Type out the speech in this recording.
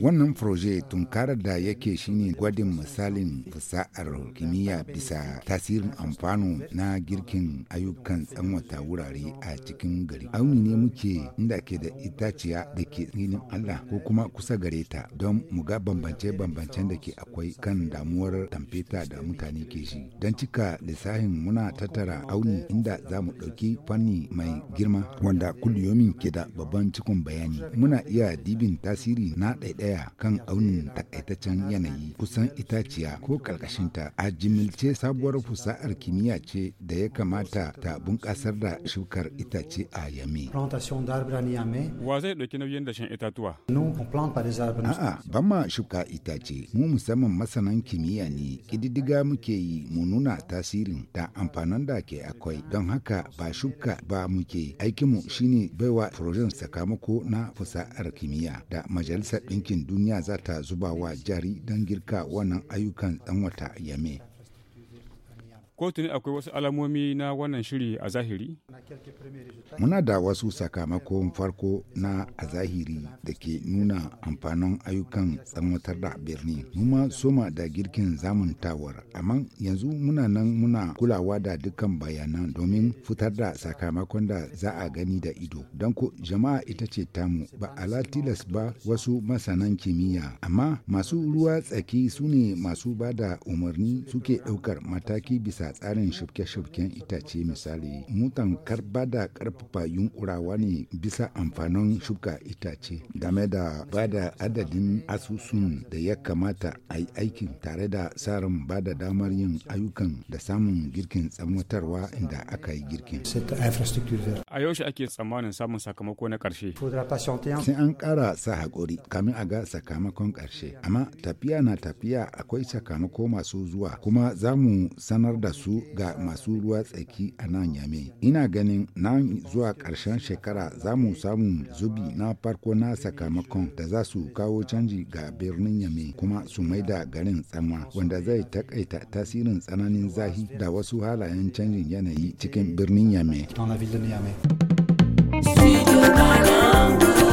Wannan proje tunkarar da yake shine gwadin misalin fasa'ar kimiyya bisa tasirin amfano na girkin ayyukan tsanwata wurare a cikin gari. Auni ne muke inda ke da itaciya da ke tsinin Allah ko kuma kusa gare ta don mu ga bambance-bambancen da ke akwai kan damuwar tamfeta da mutane ke shi. Don cika lissafin muna tattara auni inda za mu ɗauki fanni mai girma wanda kuliyomin ke da babban cikon bayani. Muna iya dibin tasiri tasiri na ɗaiɗaya kan aunin takaitaccen yanayi kusan itaciya ko ƙarƙashinta a jimilce sabuwar fusa'ar kimiyya ce da ya kamata ta bunƙasar da shukar itace a yame. Wa zai ɗauki nauyin dashen itatuwa? A'a, ba ma shuka itace, mu musamman masanan kimiyya ne, ƙididdiga muke yi mu nuna tasirin da amfanin da ke akwai, don haka ba shuka ba muke aikinmu shine baiwa furojen sakamako na fusa'ar kimiyya da majalisar ɗinkin duniya za ta zuba wa jari don girka wannan ayyukan ɗan wata yame ko tuni akwai wasu alamomi na wannan shiri a zahiri? Muna da wasu sakamakon farko na a zahiri da ke nuna amfanin ayyukan tsanwatar da birni. Muma soma da girkin zamantawar, amma yanzu muna nan muna kulawa da dukkan bayanan domin fitar da sakamakon da za a gani da ido. Don ko jama'a ita ce tamu ba ala tilas ba wasu masanan kimiyya, amma masu ruwa tsaki su ne masu ba da umarni suke ɗaukar mataki bisa ga tsarin shirke-shirken itace misali mutan karba da karfafa yunkurawa ne bisa amfanin shuka itace game da ba da adadin asusun da ya kamata a yi aikin tare da tsarin ba da damar yin ayyukan da samun girkin tsammatarwa inda aka yi girkin. A yaushe ake tsammanin samun sakamako na ƙarshe. Sai an ƙara sa haƙuri kamin a ga sakamakon ƙarshe. Amma tafiya na tafiya akwai sakamako masu zuwa kuma za mu sanar da su ga masu ruwa tsaki a nan yame. Ina ganin nan zuwa karshen shekara za mu samu zubi na farko na sakamakon da za su kawo canji ga birnin yame kuma su mai da garin tsama wanda zai takaita tasirin tsananin zahi da wasu halayen canjin yanayi cikin birnin yame. Studio